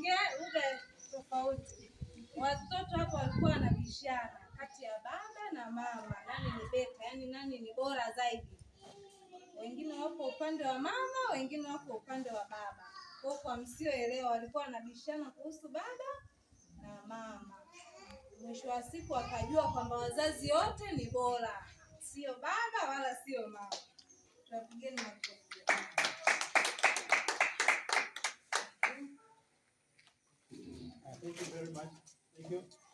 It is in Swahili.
tunaongea ule tofauti. Watoto hapo walikuwa na bishara kati ya baba na mama, nani ni beta, yani nani ni bora zaidi. Wengine wako upande wa mama, wengine wako upande wa baba. Kwa kwa msioelewa, walikuwa wanabishana kuhusu baba na mama. Mwisho wa siku wakajua kwamba wazazi wote ni bora, sio baba wala sio mama. Tunapigeni makofi. very much. Thank you.